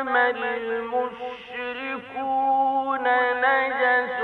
إنما المشركون نجس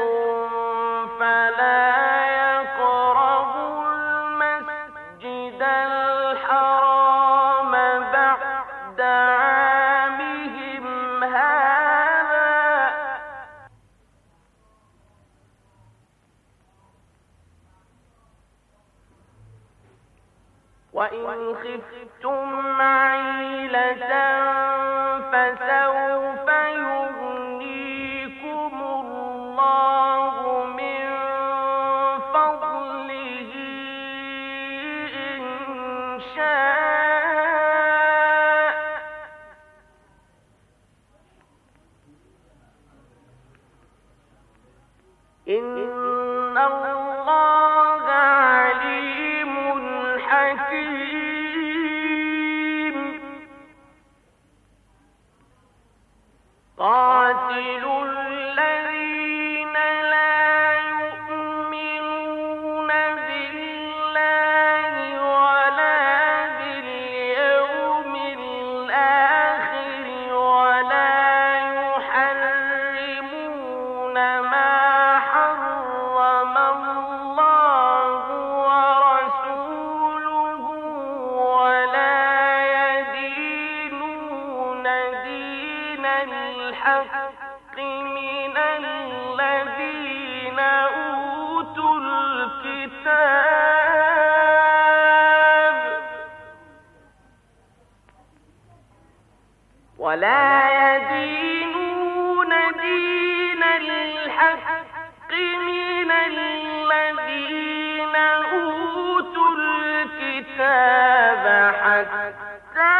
الكتاب حتى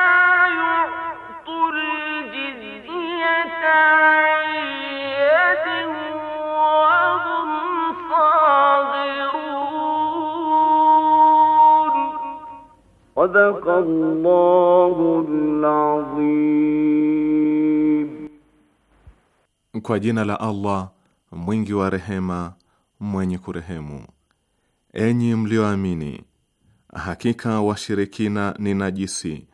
يعطوا الجزية صدق الله العظيم Kwa jina la Allah mwingi wa rehema mwenye kurehemu, enyi mlioamini Hakika washirikina ni najisi,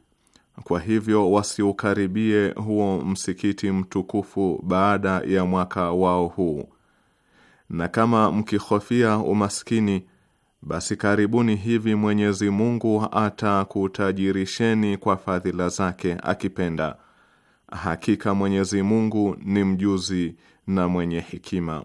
kwa hivyo wasiukaribie huo msikiti mtukufu baada ya mwaka wao huu. Na kama mkihofia umaskini, basi karibuni hivi Mwenyezi Mungu atakutajirisheni kwa fadhila zake akipenda. Hakika Mwenyezi Mungu ni mjuzi na mwenye hekima.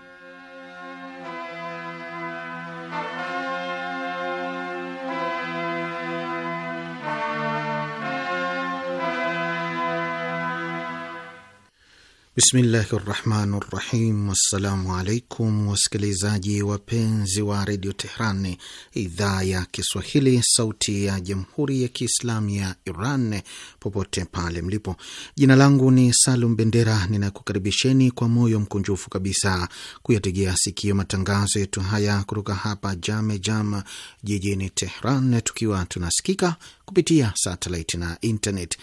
Bismillahi rahmani rahim. Wassalamu alaikum wasikilizaji wapenzi wa redio Tehran, idhaa ya Kiswahili, sauti ya jamhuri ya kiislamu ya Iran, popote pale mlipo. Jina langu ni Salum Bendera, ninakukaribisheni kwa moyo mkunjufu kabisa kuyategea sikio matangazo yetu haya kutoka hapa Jame Jam jijini Tehran, tukiwa tunasikika kupitia satelit na internet.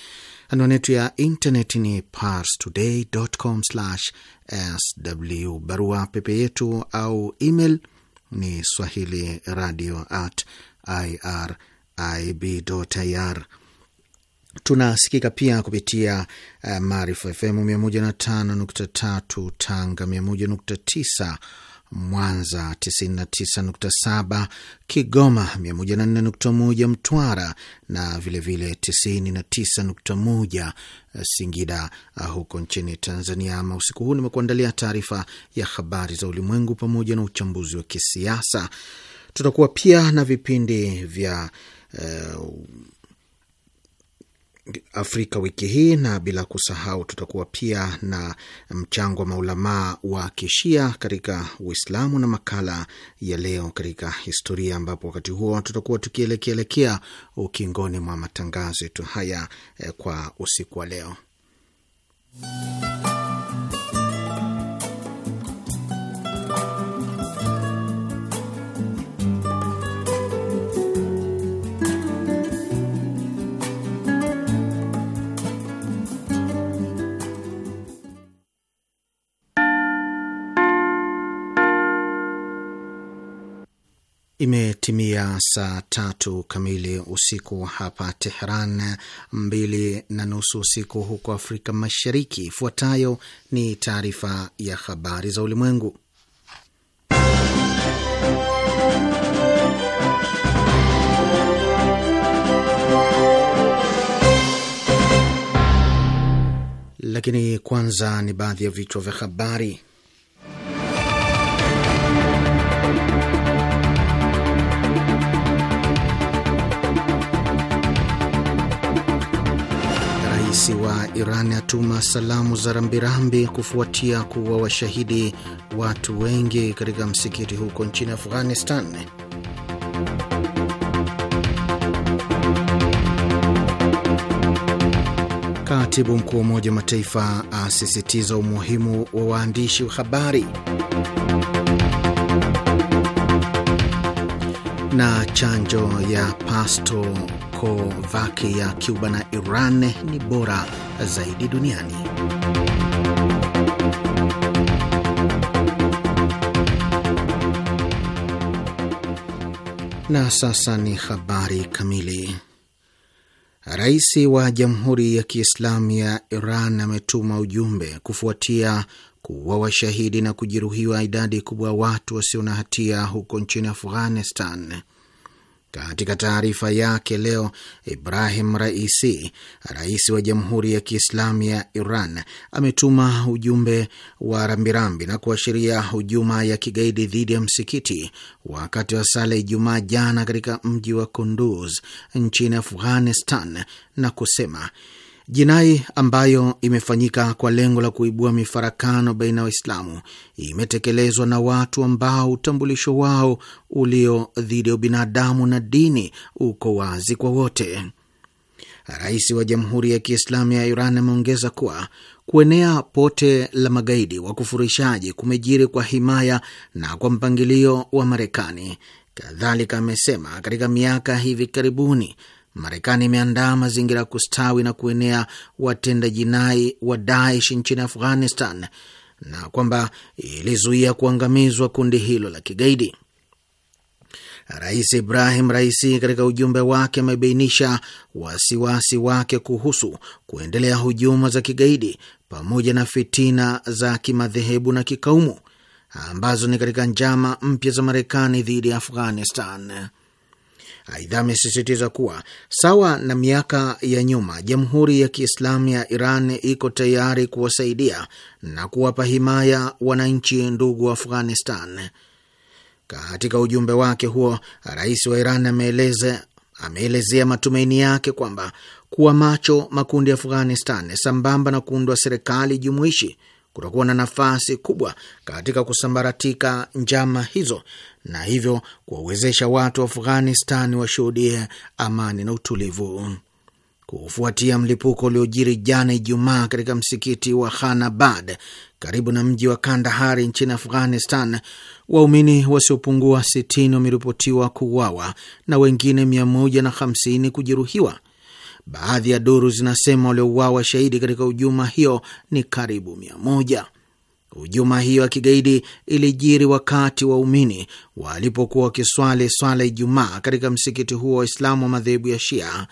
Anwani yetu ya intaneti ni parstoday.com/sw. Barua pepe yetu au email ni swahili radio at irib ir. Tunasikika pia kupitia uh, Maarifa FM tatu Tanga, 101.9 Mwanza 99.7, Kigoma 104.1, Mtwara na vilevile 99.1 Singida uh, huko nchini Tanzania. Ama usiku huu nimekuandalia taarifa ya habari za ulimwengu pamoja na uchambuzi wa kisiasa. Tutakuwa pia na vipindi vya uh, Afrika wiki hii, na bila kusahau tutakuwa pia na mchango wa maulamaa wa kishia katika Uislamu na makala ya leo katika historia, ambapo wakati huo tutakuwa tukielekeelekea ukingoni mwa matangazo yetu haya eh, kwa usiku wa leo. Imetimia saa tatu kamili usiku hapa Tehran, mbili na nusu usiku huko Afrika Mashariki. Ifuatayo ni taarifa ya habari za ulimwengu, lakini kwanza ni baadhi ya vichwa vya habari. wa Iran atuma salamu za rambirambi kufuatia kuwa washahidi watu wengi katika msikiti huko nchini Afghanistan. Katibu mkuu wa Umoja wa Mataifa asisitiza umuhimu wa waandishi wa habari. Na chanjo ya pasto Slovaki ya Cuba na Iran ni bora zaidi duniani. Na sasa ni habari kamili. Rais wa Jamhuri ya Kiislamu ya Iran ametuma ujumbe kufuatia kuwa washahidi na kujeruhiwa idadi kubwa ya watu wasio na hatia huko nchini Afghanistan. Katika taarifa yake leo, Ibrahim Raisi, rais wa Jamhuri ya Kiislamu ya Iran, ametuma ujumbe wa rambirambi na kuashiria hujuma ya kigaidi dhidi ya msikiti wakati wa sala Ijumaa jana katika mji wa Kunduz nchini Afghanistan na kusema Jinai ambayo imefanyika kwa lengo la kuibua mifarakano baina ya Waislamu imetekelezwa na watu ambao utambulisho wao ulio dhidi ya ubinadamu na dini uko wazi kwa wote. Rais wa Jamhuri ya Kiislamu ya Iran ameongeza kuwa kuenea pote la magaidi wa kufurishaji kumejiri kwa himaya na kwa mpangilio wa Marekani. Kadhalika amesema katika miaka hivi karibuni Marekani imeandaa mazingira ya kustawi na kuenea watenda jinai wa Daesh nchini Afghanistan na kwamba ilizuia kuangamizwa kundi hilo la kigaidi. Rais Ibrahim Raisi katika ujumbe wake amebainisha wasiwasi wake kuhusu kuendelea hujuma za kigaidi pamoja na fitina za kimadhehebu na kikaumu ambazo ni katika njama mpya za Marekani dhidi ya Afghanistan. Aidha, amesisitiza kuwa sawa na miaka ya nyuma, Jamhuri ya Kiislamu ya Iran iko tayari kuwasaidia na kuwapa himaya wananchi ndugu wa Afghanistan. Katika ujumbe wake huo, rais wa Iran ameeleza ameelezea matumaini yake kwamba kuwa macho makundi ya Afghanistan sambamba na kuundwa serikali jumuishi kutakuwa na nafasi kubwa katika kusambaratika njama hizo na hivyo kuwawezesha watu wa Afghanistan washuhudie amani na utulivu. Kufuatia mlipuko uliojiri jana Ijumaa katika msikiti wa Khanabad karibu na mji wa Kandahari nchini Afghanistan, waumini wasiopungua 60 wameripotiwa kuuawa na wengine 150 kujeruhiwa. Baadhi ya duru zinasema waliouawa shahidi katika hujuma hiyo ni karibu 100. Hujuma hiyo ya kigaidi ilijiri wakati waumini walipokuwa wakiswali swala Ijumaa katika msikiti huo wa Waislamu wa madhehebu ya Shia.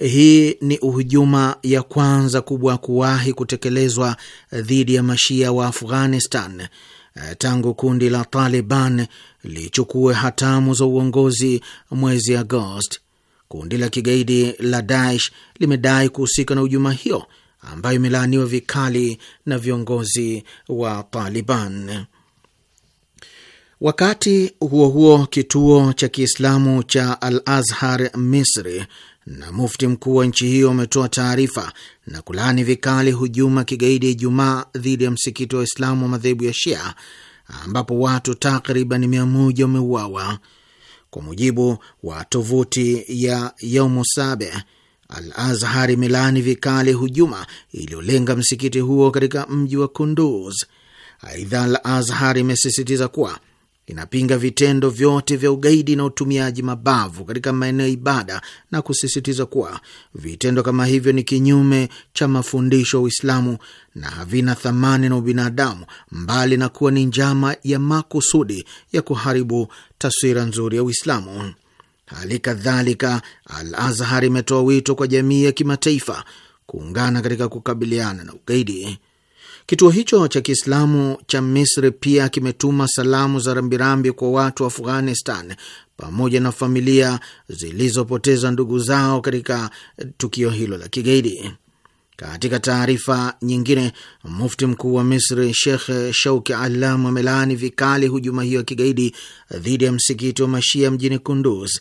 Hii ni hujuma ya kwanza kubwa kuwahi kutekelezwa dhidi ya mashia wa Afghanistan tangu kundi la Taliban lichukue hatamu za uongozi mwezi Agosti. Kundi la kigaidi la Daesh limedai kuhusika na hujuma hiyo ambayo imelaaniwa vikali na viongozi wa Taliban. Wakati huo huo, kituo cha Kiislamu cha Al Azhar Misri na mufti mkuu wa nchi hiyo wametoa taarifa na kulaani vikali hujuma kigaidi Ijumaa dhidi ya msikiti wa Waislamu wa madhehebu ya Shia ambapo watu takriban mia moja wameuawa. Kwa mujibu wa tovuti ya Yaumu Sabe, Al Azhar imelaani vikali hujuma iliyolenga msikiti huo katika mji wa Kunduz. Aidha, Al Azhar imesisitiza kuwa inapinga vitendo vyote vya ugaidi na utumiaji mabavu katika maeneo ya ibada na kusisitiza kuwa vitendo kama hivyo ni kinyume cha mafundisho ya Uislamu na havina thamani na ubinadamu, mbali na kuwa ni njama ya makusudi ya kuharibu taswira nzuri ya Uislamu. Hali kadhalika, Al Azhar imetoa wito kwa jamii ya kimataifa kuungana katika kukabiliana na ugaidi. Kituo hicho cha Kiislamu cha Misri pia kimetuma salamu za rambirambi kwa watu wa Afghanistan pamoja na familia zilizopoteza ndugu zao katika tukio hilo la kigaidi. Katika taarifa nyingine, mufti mkuu wa Misri Shekh Shauki Alam amelaani vikali hujuma hiyo ya kigaidi dhidi ya msikiti wa Mashia mjini Kunduz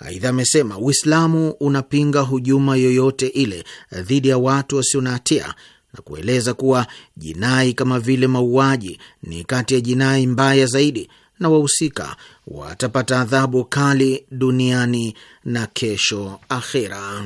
Aidha amesema Uislamu unapinga hujuma yoyote ile dhidi ya watu wasio na hatia na kueleza kuwa jinai kama vile mauaji ni kati ya jinai mbaya zaidi na wahusika watapata adhabu kali duniani na kesho akhira.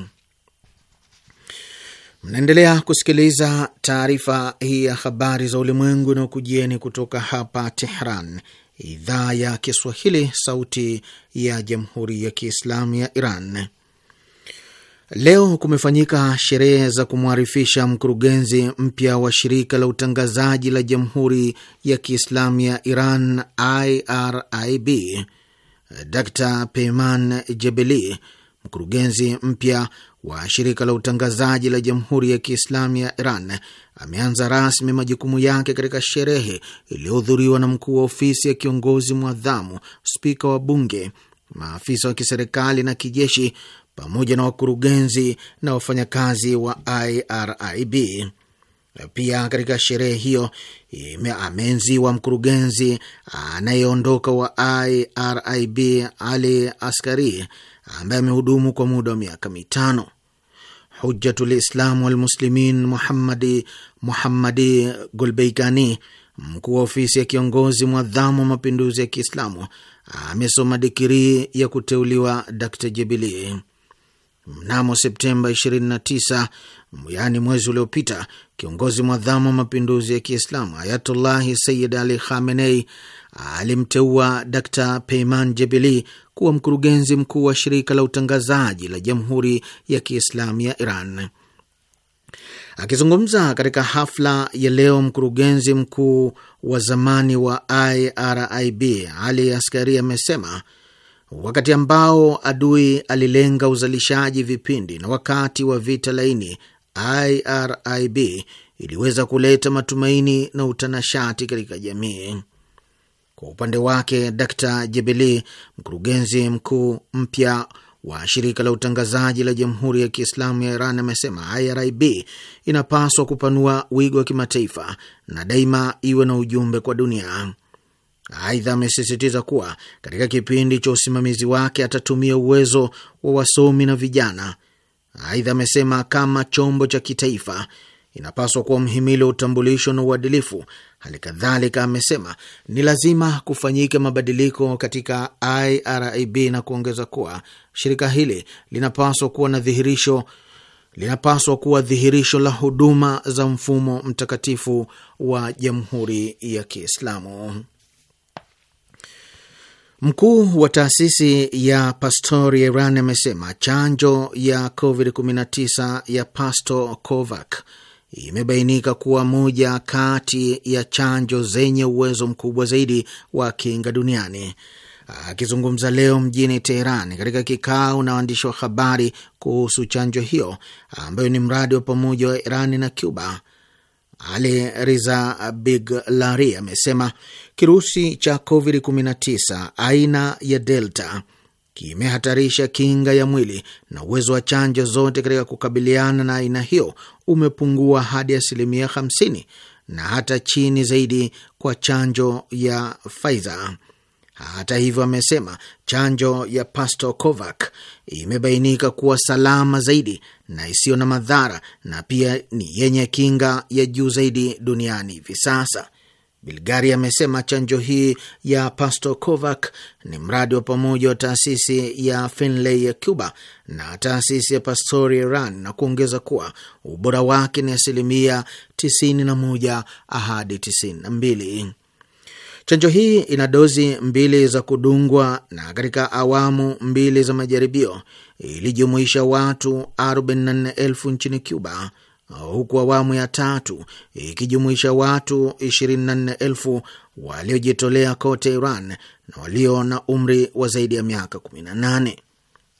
Mnaendelea kusikiliza taarifa hii ya habari za ulimwengu inayokujieni kutoka hapa Tehran, idhaa ya Kiswahili, sauti ya jamhuri ya kiislamu ya Iran. Leo kumefanyika sherehe za kumwarifisha mkurugenzi mpya wa shirika la utangazaji la jamhuri ya kiislamu ya Iran, IRIB, Dr Peyman Jebeli, mkurugenzi mpya wa shirika la utangazaji la Jamhuri ya Kiislamu ya Iran ameanza rasmi majukumu yake katika sherehe iliyohudhuriwa na mkuu wa ofisi ya kiongozi mwadhamu, spika wa bunge, maafisa wa kiserikali na kijeshi, pamoja na wakurugenzi na wafanyakazi wa IRIB. Pia katika sherehe hiyo ameenziwa mkurugenzi anayeondoka wa IRIB Ali Askari ambaye amehudumu kwa muda wa miaka mitano. Hujjatul Islam Walmuslimin muhamadi Muhammadi Muhammadi Golbeigani, mkuu wa ofisi ya kiongozi mwadhamu wa mapinduzi ya Kiislamu, amesoma dikirii ya kuteuliwa Dr Jebili mnamo Septemba 29 yaani mwezi uliopita. Kiongozi mwadhamu wa mapinduzi ya Kiislamu Ayatullahi Sayid Ali Khamenei alimteua Dr Peyman Jebeli kuwa mkurugenzi mkuu wa shirika la utangazaji la Jamhuri ya Kiislamu ya Iran. Akizungumza katika hafla ya leo, mkurugenzi mkuu wa zamani wa IRIB Ali Askari amesema wakati ambao adui alilenga uzalishaji vipindi na wakati wa vita laini, IRIB iliweza kuleta matumaini na utanashati katika jamii. Kwa upande wake, d Jebeli, mkurugenzi mkuu mpya wa shirika la utangazaji la Jamhuri ya Kiislamu ya Iran, amesema IRIB inapaswa kupanua wigo wa kimataifa na daima iwe na ujumbe kwa dunia. Aidha, amesisitiza kuwa katika kipindi cha usimamizi wake atatumia uwezo wa wasomi na vijana. Aidha, amesema kama chombo cha kitaifa inapaswa kuwa mhimili wa utambulisho na uadilifu, Hali kadhalika amesema ni lazima kufanyike mabadiliko katika IRIB na kuongeza kuwa shirika hili linapaswa kuwa na dhihirisho linapaswa kuwa dhihirisho la huduma za mfumo mtakatifu wa Jamhuri ya Kiislamu. Mkuu wa taasisi ya Pastori ya Iran amesema chanjo ya COVID-19 ya Pasto Covac imebainika kuwa moja kati ya chanjo zenye uwezo mkubwa zaidi wa kinga duniani. Akizungumza leo mjini Teheran katika kikao na waandishi wa habari kuhusu chanjo hiyo ambayo ni mradi wa pamoja wa Irani na Cuba, Ali Riza Biglari amesema kirusi cha COVID-19 aina ya Delta kimehatarisha kinga ya mwili na uwezo wa chanjo zote katika kukabiliana na aina hiyo umepungua hadi asilimia 50 na hata chini zaidi kwa chanjo ya Pfizer. Hata hivyo, amesema chanjo ya Pasteur Covax imebainika kuwa salama zaidi na isiyo na madhara na pia ni yenye kinga ya juu zaidi duniani hivi sasa. Bilgari amesema chanjo hii ya Pastor covak ni mradi wa pamoja wa taasisi ya Finlay ya Cuba na taasisi ya Pastori Iran na kuongeza kuwa ubora wake ni asilimia 91 hadi 92. Chanjo hii ina dozi mbili za kudungwa na katika awamu mbili za majaribio ilijumuisha watu 44,000 nchini Cuba huku awamu ya tatu ikijumuisha watu 24,000 waliojitolea kote Iran na walio na umri wa zaidi ya miaka 18.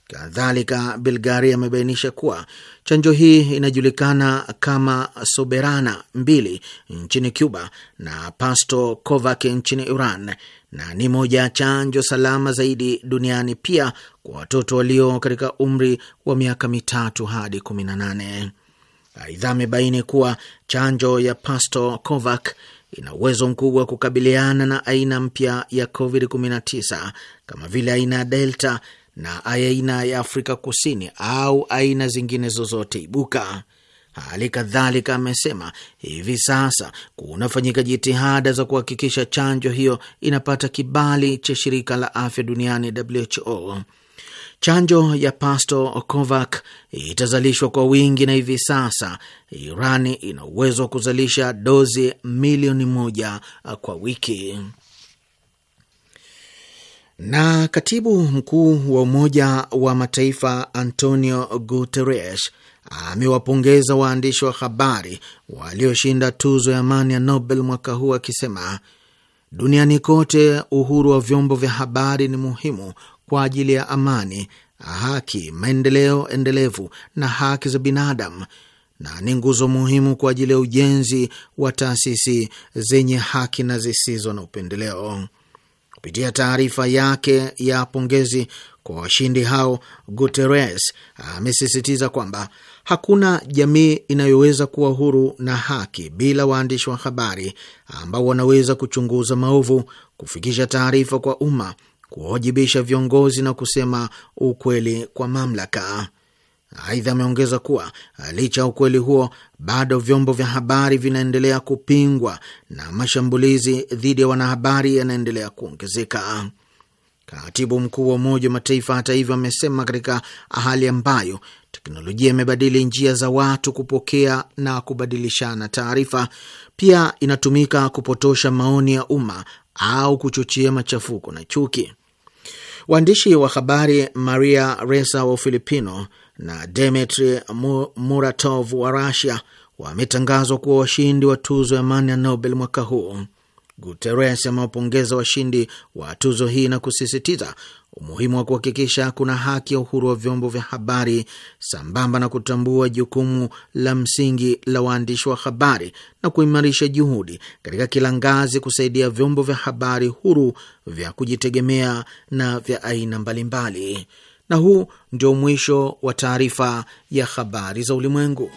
Kadhalika, Bilgari amebainisha kuwa chanjo hii inajulikana kama Soberana 2 nchini Cuba na Pasto covak nchini Iran na ni moja ya chanjo salama zaidi duniani pia kwa watoto walio katika umri wa miaka mitatu hadi 18. Aidha, amebaini kuwa chanjo ya pasto Covax ina uwezo mkubwa wa kukabiliana na aina mpya ya COVID-19 kama vile aina ya Delta na aina ya Afrika Kusini au aina zingine zozote ibuka. Hali kadhalika amesema hivi sasa kunafanyika jitihada za kuhakikisha chanjo hiyo inapata kibali cha shirika la afya duniani WHO. Chanjo ya Pasto Covax itazalishwa kwa wingi na hivi sasa Iran ina uwezo wa kuzalisha dozi milioni moja kwa wiki. Na katibu mkuu wa Umoja wa Mataifa Antonio Guterres amewapongeza waandishi wa habari walioshinda tuzo ya amani ya Nobel mwaka huu akisema, duniani kote uhuru wa vyombo vya habari ni muhimu kwa ajili ya amani, haki, maendeleo endelevu na haki za binadamu na ni nguzo muhimu kwa ajili ya ujenzi wa taasisi zenye haki na zisizo na upendeleo. Kupitia taarifa yake ya pongezi kwa washindi hao, Guterres amesisitiza kwamba hakuna jamii inayoweza kuwa huru na haki bila waandishi wa habari ambao wanaweza kuchunguza maovu, kufikisha taarifa kwa umma kuwajibisha viongozi na kusema ukweli kwa mamlaka. Aidha, ameongeza kuwa licha ya ukweli huo, bado vyombo vya habari vinaendelea kupingwa na mashambulizi dhidi ya wanahabari yanaendelea kuongezeka. Katibu mkuu wa Umoja wa Mataifa, hata hivyo, amesema katika hali ambayo teknolojia imebadili njia za watu kupokea na kubadilishana taarifa, pia inatumika kupotosha maoni ya umma au kuchochea machafuko na chuki. Waandishi wa habari Maria Ressa wa Ufilipino na Dmitri Muratov wa Rasia wametangazwa kuwa washindi wa tuzo ya amani ya Nobel mwaka huu. Guterres amewapongeza washindi wa tuzo hii na kusisitiza umuhimu wa kuhakikisha kuna haki ya uhuru wa vyombo vya habari sambamba na kutambua jukumu la msingi la waandishi wa habari na kuimarisha juhudi katika kila ngazi kusaidia vyombo vya habari huru vya kujitegemea na vya aina mbalimbali. Na huu ndio mwisho wa taarifa ya habari za ulimwengu.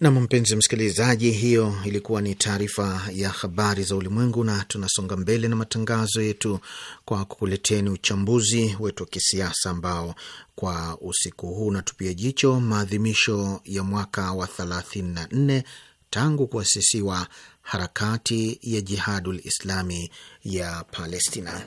Nam, mpenzi msikilizaji, hiyo ilikuwa ni taarifa ya habari za ulimwengu, na tunasonga mbele na matangazo yetu kwa kukuleteni uchambuzi wetu wa kisiasa ambao kwa usiku huu unatupia jicho maadhimisho ya mwaka wa 34 tangu kuasisiwa harakati ya Jihadul Islami ya Palestina.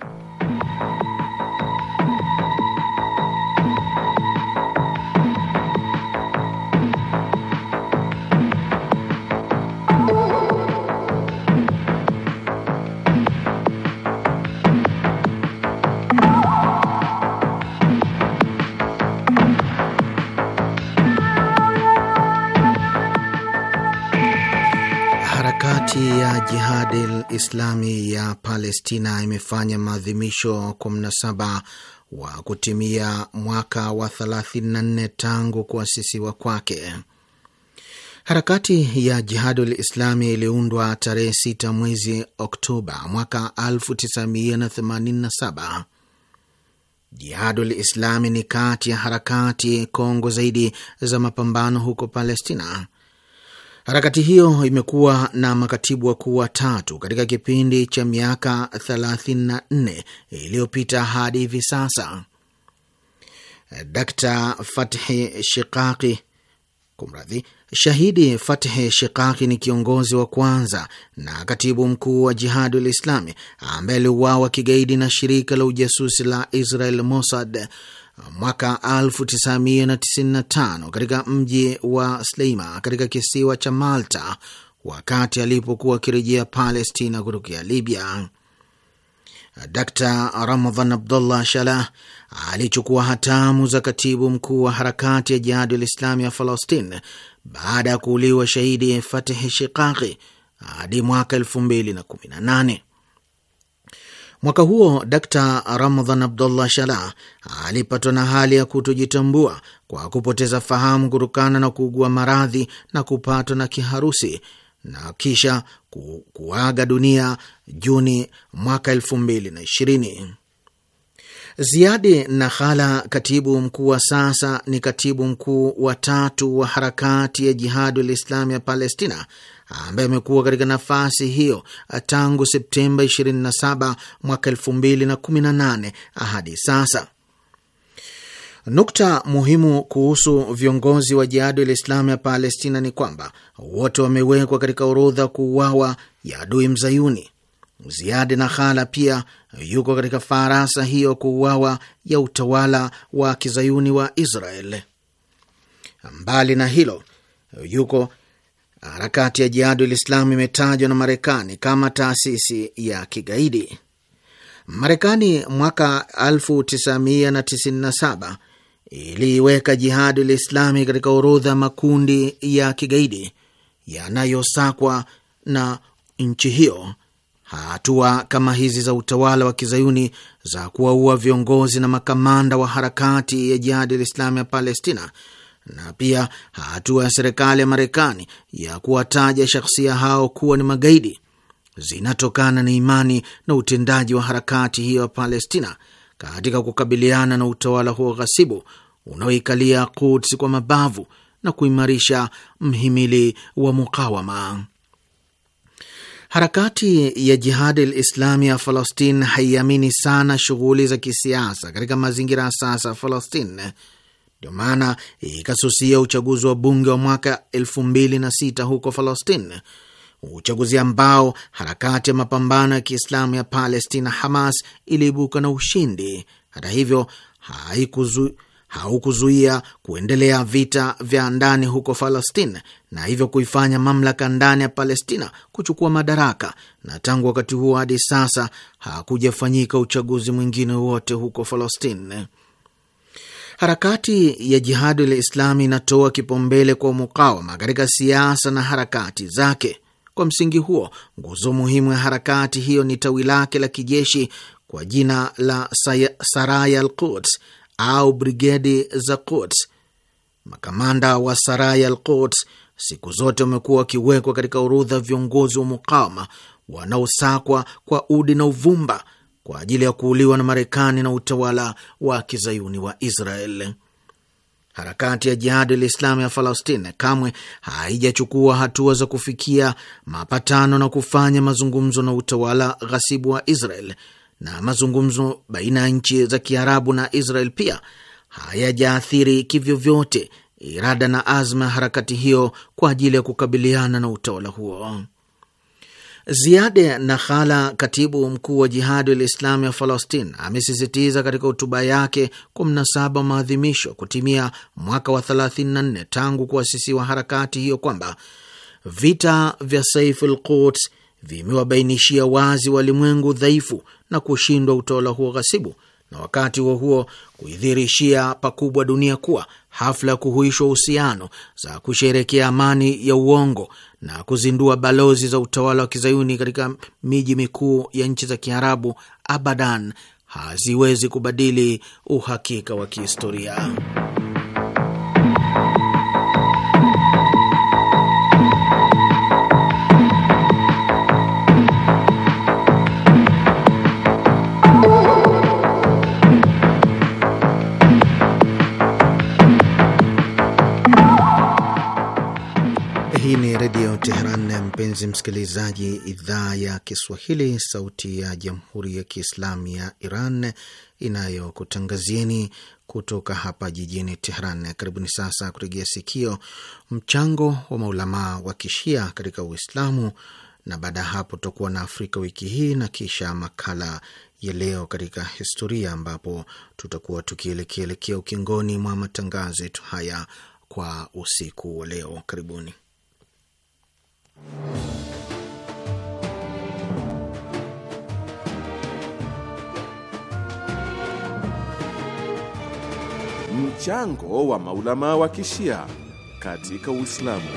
Kiislami ya Palestina imefanya maadhimisho kwa mnasaba wa kutimia mwaka wa 34 tangu kuasisiwa kwake. Harakati ya Jihadul Islami iliundwa tarehe 6 mwezi Oktoba mwaka 1987. Jihadul Islami ni kati ya harakati kongwe zaidi za mapambano huko Palestina Harakati hiyo imekuwa na makatibu wakuu watatu katika kipindi cha miaka 34 iliyopita hadi hivi sasa. d Fathi Shiqaqi, kumradhi, Shahidi Fathi shikaki ni kiongozi wa kwanza na katibu mkuu wa Jihadi Ulislami ambaye aliuawa kigaidi na shirika la ujasusi la Israel Mossad mwaka 1995 katika mji wa Sleima katika kisiwa cha Malta wakati alipokuwa akirejea Palestina kutokea Libya. Dr Ramadhan Abdullah Shalah alichukua hatamu za katibu mkuu wa harakati ya Jihadi Islami ya Falastin baada ya kuuliwa shahidi Fatihi shiqaki hadi mwaka 218 Mwaka huo Dr Ramadhan Abdullah Shalah alipatwa na hali ya kutojitambua kwa kupoteza fahamu kutokana na kuugua maradhi na kupatwa na kiharusi na kisha ku, kuaga dunia Juni mwaka elfu mbili na ishirini. Ziadi nahala katibu mkuu wa sasa, ni katibu mkuu wa tatu wa harakati ya jihadi Islami ya Palestina ambaye amekuwa katika nafasi hiyo eh, tangu Septemba 27 mwaka 2018 hadi sasa. Nukta muhimu kuhusu viongozi wa Jihadi la Islamu ya Palestina ni kwamba wote wamewekwa katika orodha kuuawa ya adui mzayuni. Ziadi na Khala pia yuko katika farasa hiyo kuuawa ya utawala wa kizayuni wa Israel. Mbali na hilo, yuko Harakati ya jihadi Islam imetajwa na Marekani kama taasisi ya kigaidi. Marekani mwaka 1997 iliiweka jihadi Islami katika orodha makundi ya kigaidi yanayosakwa na nchi hiyo. Hatua kama hizi za utawala wa kizayuni za kuwaua viongozi na makamanda wa harakati ya jihadi Islami ya Palestina na pia hatua ya serikali ya Marekani ya kuwataja shakhsia hao kuwa ni magaidi zinatokana na imani na utendaji wa harakati hiyo ya Palestina katika kukabiliana na utawala huo ghasibu unaoikalia Quds kwa mabavu na kuimarisha mhimili wa mukawama. Harakati ya Jihadi Islami ya Falastin haiamini sana shughuli za kisiasa katika mazingira ya sasa ya Falastin ndio maana ikasusia uchaguzi wa bunge wa mwaka elfu mbili na sita huko Falastin, uchaguzi ambao harakati ya mapambano ya Kiislamu ya Palestina Hamas iliibuka na ushindi. Hata hivyo haikuzu haukuzuia kuendelea vita vya ndani huko Falastin na hivyo kuifanya mamlaka ndani ya Palestina kuchukua madaraka, na tangu wakati huo hadi sasa hakujafanyika uchaguzi mwingine wote huko Falastin. Harakati ya jihadi la Islami inatoa kipaumbele kwa mukawama katika siasa na harakati zake. Kwa msingi huo, nguzo muhimu ya harakati hiyo ni tawi lake la kijeshi kwa jina la Saraya al Quds au Brigedi za Quds. Makamanda wa Saraya al Quds siku zote wamekuwa wakiwekwa katika orodha viongozi wa mukawama wanaosakwa kwa udi na uvumba kwa ajili ya kuuliwa na Marekani na utawala wa kizayuni wa Israel. Harakati ya Jihadi islamu ya Falastine kamwe haijachukua hatua za kufikia mapatano na kufanya mazungumzo na utawala ghasibu wa Israel, na mazungumzo baina ya nchi za Kiarabu na Israel pia hayajaathiri kivyovyote irada na azma ya harakati hiyo kwa ajili ya kukabiliana na utawala huo. Ziade Nakhala, katibu mkuu wa Jihadi la ya Falastin, amesisitiza katika hotuba yake kwa mnasaba wa maadhimisho kutimia mwaka wa 34 tangu kuasisiwa harakati hiyo kwamba vita vya Saif al Quds vimewabainishia wazi walimwengu dhaifu na kushindwa utawala huo ghasibu, na wakati huo huo kuidhirishia pakubwa dunia kuwa hafla ya kuhuishwa uhusiano za kusherekea amani ya uongo na kuzindua balozi za utawala wa kizayuni katika miji mikuu ya nchi za Kiarabu abadan haziwezi kubadili uhakika wa kihistoria. Redio Teheran. Mpenzi msikilizaji, idhaa ya Kiswahili, sauti ya jamhuri ya kiislamu ya Iran inayokutangazieni kutoka hapa jijini Teheran. Karibuni sasa kuregea sikio mchango wa maulamaa wa kishia katika Uislamu, na baada ya hapo tutakuwa na Afrika wiki hii na kisha makala ya leo katika historia, ambapo tutakuwa tukielekeelekea ukingoni mwa matangazo yetu haya kwa usiku wa leo. Karibuni. Mchango wa maulama wa kishia katika Uislamu.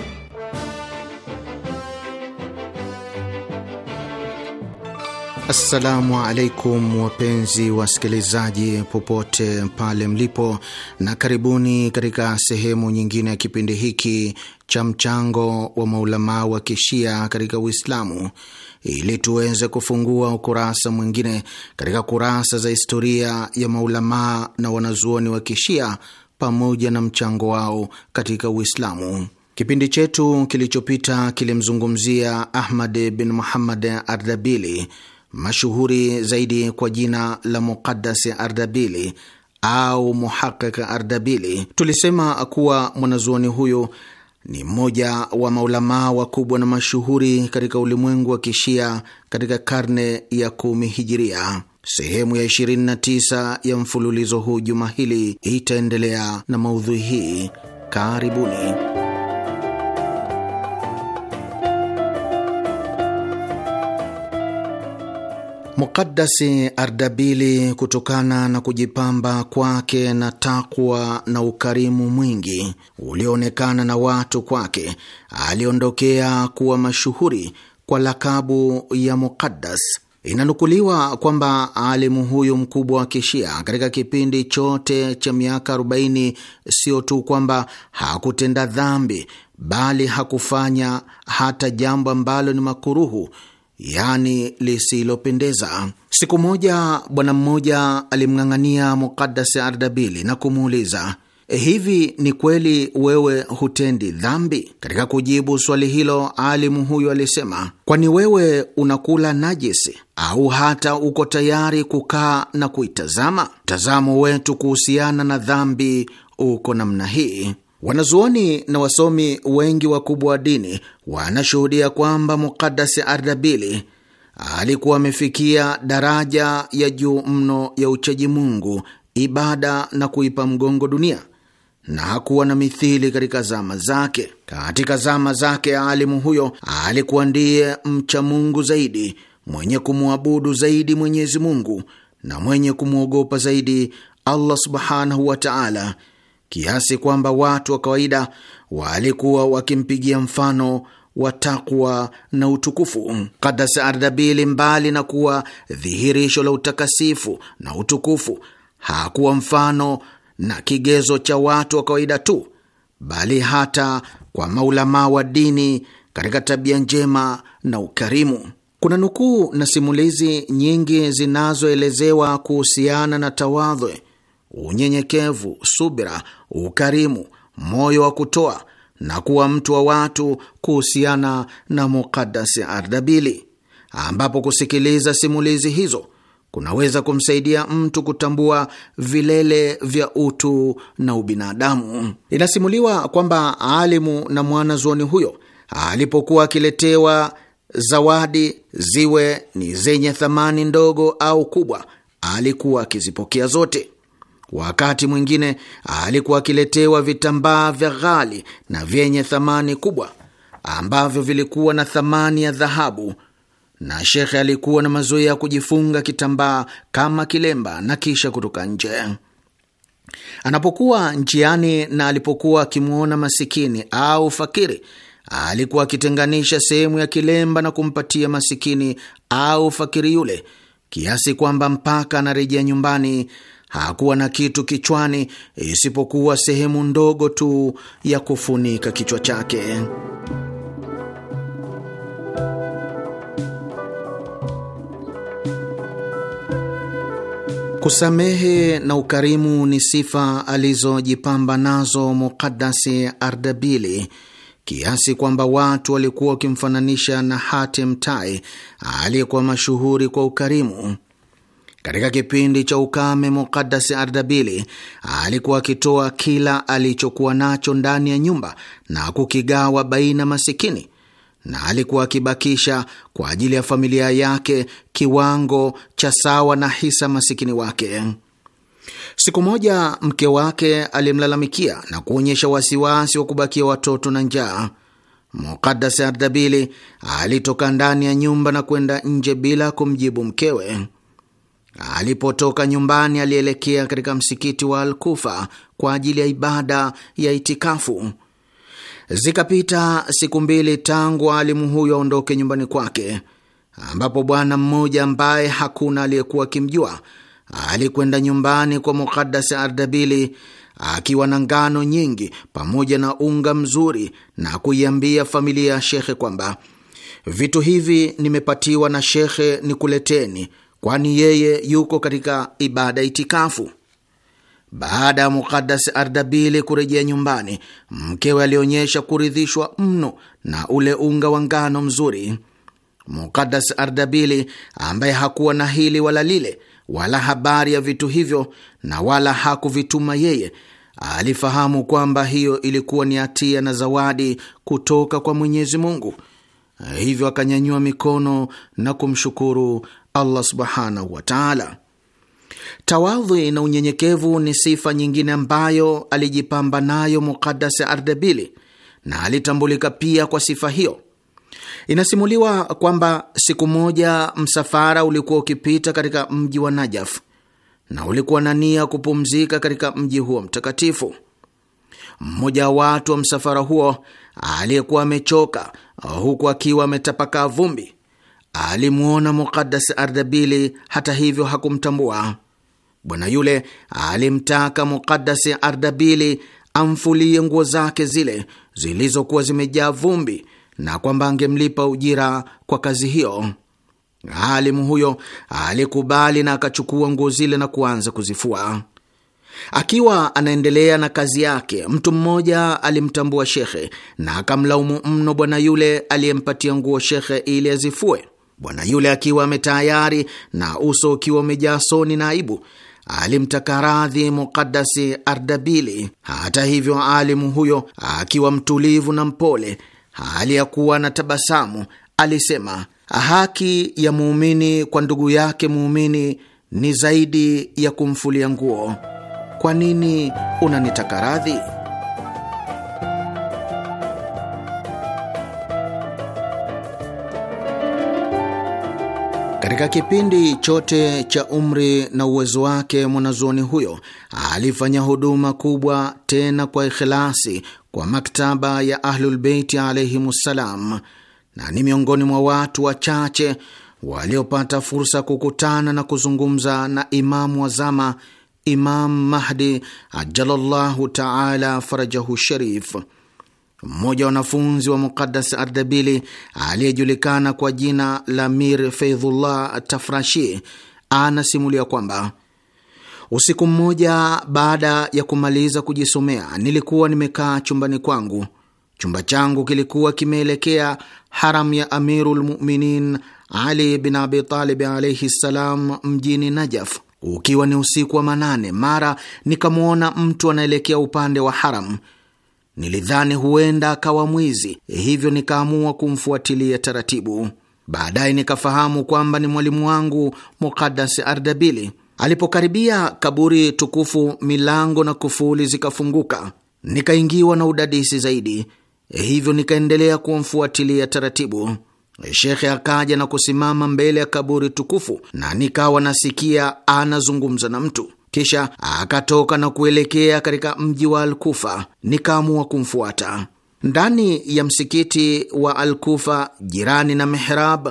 Assalamu alaikum wapenzi wasikilizaji, popote pale mlipo, na karibuni katika sehemu nyingine ya kipindi hiki cha mchango wa maulamaa wa kishia katika Uislamu ili tuweze kufungua ukurasa mwingine katika kurasa za historia ya maulamaa na wanazuoni wa kishia pamoja na mchango wao katika Uislamu. Kipindi chetu kilichopita kilimzungumzia Ahmad bin Muhammad Ardabili, mashuhuri zaidi kwa jina la Muqaddas Ardabili au Muhaqiq Ardabili. Tulisema kuwa mwanazuoni huyo ni mmoja wa maulamaa wakubwa na mashuhuri katika ulimwengu wa Kishia katika karne ya kumi hijiria. Sehemu ya 29 ya mfululizo huu juma hili itaendelea na maudhui hii. Karibuni. Muqaddasi Ardabili, kutokana na kujipamba kwake na takwa na ukarimu mwingi ulioonekana na watu kwake, aliondokea kuwa mashuhuri kwa lakabu ya Mukadas. Inanukuliwa kwamba alimu huyu mkubwa wa Kishia katika kipindi chote cha miaka 40 sio tu kwamba hakutenda dhambi, bali hakufanya hata jambo ambalo ni makuruhu yani lisilopendeza. Siku moja bwana mmoja alimng'ang'ania Mukadasi Ardabili na kumuuliza eh, Hivi ni kweli wewe hutendi dhambi? Katika kujibu swali hilo, alimu huyo alisema, kwani wewe unakula najisi au hata uko tayari kukaa na kuitazama? Mtazamo wetu kuhusiana na dhambi uko namna hii. Wanazuoni na wasomi wengi wakubwa wa dini wanashuhudia kwamba Mukadasi Ardabili alikuwa amefikia daraja ya juu mno ya uchaji Mungu, ibada na kuipa mgongo dunia na hakuwa na mithili katika zama zake. Katika zama zake, alimu huyo alikuwa ndiye mcha Mungu zaidi, mwenye kumwabudu zaidi Mwenyezi Mungu na mwenye kumwogopa zaidi Allah subhanahu wa taala kiasi kwamba watu wa kawaida walikuwa wakimpigia mfano wa takwa na utukufu. Kadas Ardabili, mbali na kuwa dhihirisho la utakasifu na utukufu, hakuwa mfano na kigezo cha watu wa kawaida tu, bali hata kwa maulamaa wa dini katika tabia njema na ukarimu. Kuna nukuu na simulizi nyingi zinazoelezewa kuhusiana na tawadhwe unyenyekevu, subira, ukarimu, moyo wa kutoa na kuwa mtu wa watu kuhusiana na Mukadasi Ardabili, ambapo kusikiliza simulizi hizo kunaweza kumsaidia mtu kutambua vilele vya utu na ubinadamu. Inasimuliwa kwamba alimu na mwana zuoni huyo alipokuwa akiletewa zawadi, ziwe ni zenye thamani ndogo au kubwa, alikuwa akizipokea zote. Wakati mwingine alikuwa akiletewa vitambaa vya ghali na vyenye thamani kubwa ambavyo vilikuwa na thamani ya dhahabu, na shekhe alikuwa na mazoea ya kujifunga kitambaa kama kilemba na kisha kutoka nje. Anapokuwa njiani na alipokuwa akimwona masikini au fakiri, alikuwa akitenganisha sehemu ya kilemba na kumpatia masikini au fakiri yule, kiasi kwamba mpaka anarejea nyumbani hakuwa na kitu kichwani isipokuwa sehemu ndogo tu ya kufunika kichwa chake. Kusamehe na ukarimu ni sifa alizojipamba nazo Mukadasi Ardabili kiasi kwamba watu walikuwa wakimfananisha na Hatem Tai aliyekuwa mashuhuri kwa ukarimu. Katika kipindi cha ukame, Mukadasi Ardabili alikuwa akitoa kila alichokuwa nacho ndani ya nyumba na kukigawa baina masikini, na alikuwa akibakisha kwa ajili ya familia yake kiwango cha sawa na hisa masikini wake. Siku moja mke wake alimlalamikia na kuonyesha wasiwasi wa kubakia watoto na njaa. Mukadasi Ardabili alitoka ndani ya nyumba na kwenda nje bila kumjibu mkewe. Alipotoka nyumbani, alielekea katika msikiti wa Alkufa kwa ajili ya ibada ya itikafu. Zikapita siku mbili tangu alimu huyo aondoke nyumbani kwake, ambapo bwana mmoja ambaye hakuna aliyekuwa akimjua alikwenda nyumbani kwa Mukadas Ardabili akiwa na ngano nyingi pamoja na unga mzuri na kuiambia familia ya shekhe kwamba vitu hivi nimepatiwa na shekhe, nikuleteni kwani yeye yuko katika ibada itikafu. Baada ya Mukadas Ardabili kurejea nyumbani, mkewe alionyesha kuridhishwa mno na ule unga wa ngano mzuri. Mukadas Ardabili ambaye hakuwa na hili wala lile wala habari ya vitu hivyo na wala hakuvituma yeye, alifahamu kwamba hiyo ilikuwa ni hatia na zawadi kutoka kwa Mwenyezi Mungu. Hivyo akanyanyua mikono na kumshukuru Allah subhanahu wa taala. Tawadhi na unyenyekevu ni sifa nyingine ambayo alijipamba nayo Muqaddas Ardebili na alitambulika pia kwa sifa hiyo. Inasimuliwa kwamba siku moja msafara ulikuwa ukipita katika mji wa Najaf na ulikuwa na nia kupumzika katika mji huo mtakatifu. Mmoja wa watu wa msafara huo aliyekuwa amechoka huku akiwa ametapakaa vumbi alimwona Muqaddas Ardabili, hata hivyo hakumtambua. Bwana yule alimtaka Muqaddas Ardabili amfulie nguo zake zile zilizokuwa zimejaa vumbi na kwamba angemlipa ujira kwa kazi hiyo. Alimu huyo alikubali na akachukua nguo zile na kuanza kuzifua. Akiwa anaendelea na kazi yake, mtu mmoja alimtambua shekhe na akamlaumu mno bwana yule aliyempatia nguo shekhe ili azifue. Bwana yule akiwa ametayari na uso ukiwa umejaa soni na aibu, alimtaka radhi Mukadasi Ardabili. Hata hivyo, alimu huyo akiwa mtulivu na mpole, hali ya kuwa na tabasamu, alisema haki ya muumini kwa ndugu yake muumini ni zaidi ya kumfulia nguo. Kwa nini unanitaka radhi? Katika kipindi chote cha umri na uwezo wake, mwanazuoni huyo alifanya huduma kubwa, tena kwa ikhilasi, kwa maktaba ya Ahlulbeiti alaihimussalam, na ni miongoni mwa watu wachache waliopata fursa kukutana na kuzungumza na Imamu wa zama, Imam Mahdi ajalallahu taala farajahu sharif. Mmoja wa wanafunzi wa Muqaddas Ardabili aliyejulikana kwa jina la Mir Feidhullah Tafrashi anasimulia kwamba usiku mmoja baada ya kumaliza kujisomea, nilikuwa nimekaa chumbani kwangu. Chumba changu kilikuwa kimeelekea haram ya amirulmuminin Ali bin Abitalib alaihi ssalam mjini Najaf. Ukiwa ni usiku wa manane, mara nikamwona mtu anaelekea upande wa haram. Nilidhani huenda akawa mwizi, hivyo nikaamua kumfuatilia taratibu. Baadaye nikafahamu kwamba ni mwalimu wangu Mukadas Ardabili. Alipokaribia kaburi tukufu, milango na kufuli zikafunguka, nikaingiwa na udadisi zaidi, hivyo nikaendelea kumfuatilia taratibu. Shekhe akaja na kusimama mbele ya kaburi tukufu, na nikawa nasikia anazungumza na mtu kisha akatoka na kuelekea katika mji wa Alkufa. Nikaamua kumfuata ndani ya msikiti wa Alkufa, jirani na mihrab.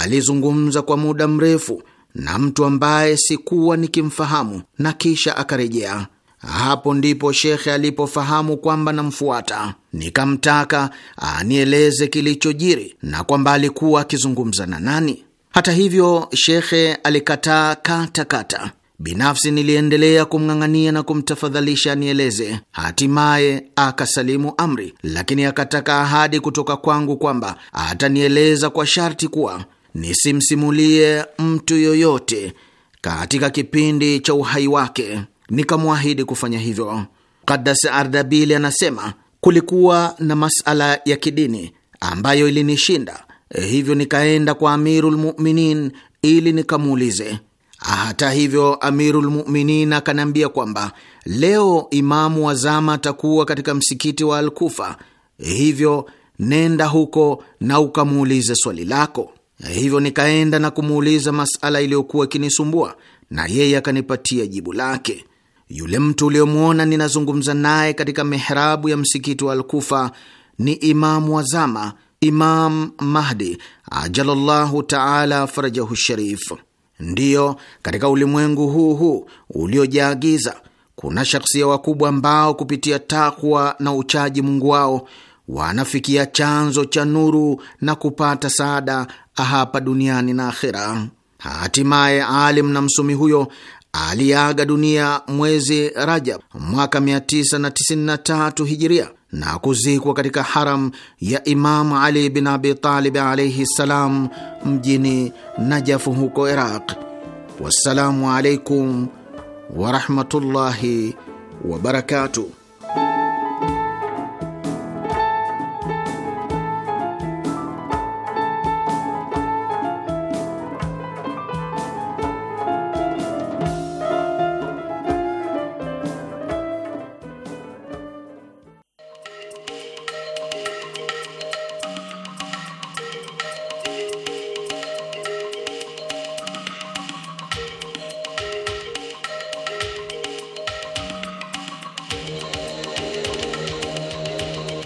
Alizungumza kwa muda mrefu na mtu ambaye sikuwa nikimfahamu, na kisha akarejea. Hapo ndipo shekhe alipofahamu kwamba namfuata. Nikamtaka anieleze kilichojiri na kwamba alikuwa akizungumza na nani. Hata hivyo, shekhe alikataa kata Binafsi niliendelea kumng'ang'ania na kumtafadhalisha anieleze. Hatimaye akasalimu amri, lakini akataka ahadi kutoka kwangu kwamba atanieleza kwa sharti kuwa nisimsimulie mtu yoyote katika kipindi cha uhai wake. Nikamwahidi kufanya hivyo. Kadas Ardabili anasema kulikuwa na masala ya kidini ambayo ilinishinda, hivyo nikaenda kwa Amirul Muminin ili nikamuulize hata hivyo, Amirul Muminin akaniambia kwamba leo imamu wa zama atakuwa katika msikiti wa Alkufa, hivyo nenda huko na ukamuulize swali lako. Hivyo nikaenda na kumuuliza masala iliyokuwa ikinisumbua, na yeye akanipatia jibu lake. Yule mtu uliyomwona ninazungumza naye katika mihrabu ya msikiti wa Alkufa ni imamu wa zama, Imam Mahdi ajalallahu taala farajahu sharif. Ndiyo, katika ulimwengu huu huu uliojaa giza kuna shakhsia wakubwa ambao kupitia takwa na uchaji Mungu wao wanafikia chanzo cha nuru na kupata saada hapa duniani na akhera. Hatimaye alim na msomi huyo aliaga dunia mwezi Rajab mwaka 993 hijiria na kuzikwa katika haram ya Imam Ali bin Abi Talib alaihi ssalam mjini Najafu huko Iraq. Wassalamu alaikum warahmatullahi wabarakatuh.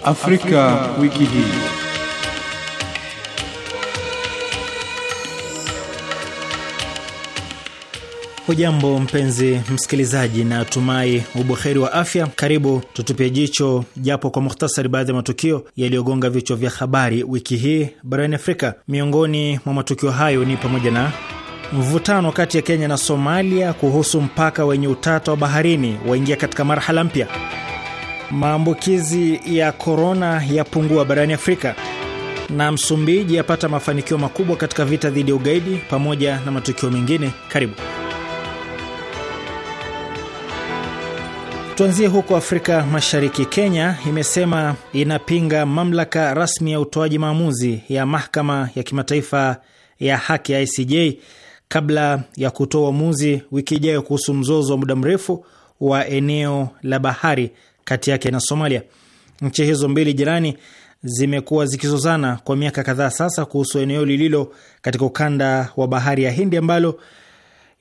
Afrika, wiki hii. Hujambo mpenzi msikilizaji, na tumai ubuheri wa afya. Karibu tutupie jicho japo kwa muhtasari baadhi ya matukio yaliyogonga vichwa vya habari wiki hii barani Afrika. Miongoni mwa matukio hayo ni pamoja na mvutano kati ya Kenya na Somalia kuhusu mpaka wenye utata wa baharini waingia katika marhala mpya Maambukizi ya korona yapungua barani Afrika, na Msumbiji yapata mafanikio makubwa katika vita dhidi ya ugaidi, pamoja na matukio mengine. Karibu tuanzie huko Afrika Mashariki. Kenya imesema inapinga mamlaka rasmi ya utoaji maamuzi ya mahakama ya kimataifa ya haki ya ICJ kabla ya kutoa uamuzi wiki ijayo kuhusu mzozo wa muda mrefu wa eneo la bahari kati yake na Somalia. Nchi hizo mbili jirani zimekuwa zikizozana kwa miaka kadhaa sasa kuhusu eneo lililo katika ukanda wa bahari ya Hindi ambalo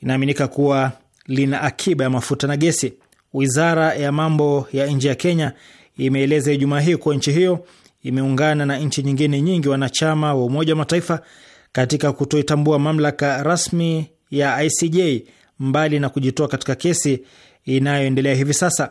inaaminika kuwa lina akiba ya mafuta na gesi. Wizara ya mambo ya nje ya Kenya imeeleza Ijumaa hii kuwa nchi hiyo imeungana na nchi nyingine nyingi wanachama wa Umoja wa Mataifa katika kutoitambua mamlaka rasmi ya ICJ mbali na kujitoa katika kesi inayoendelea hivi sasa.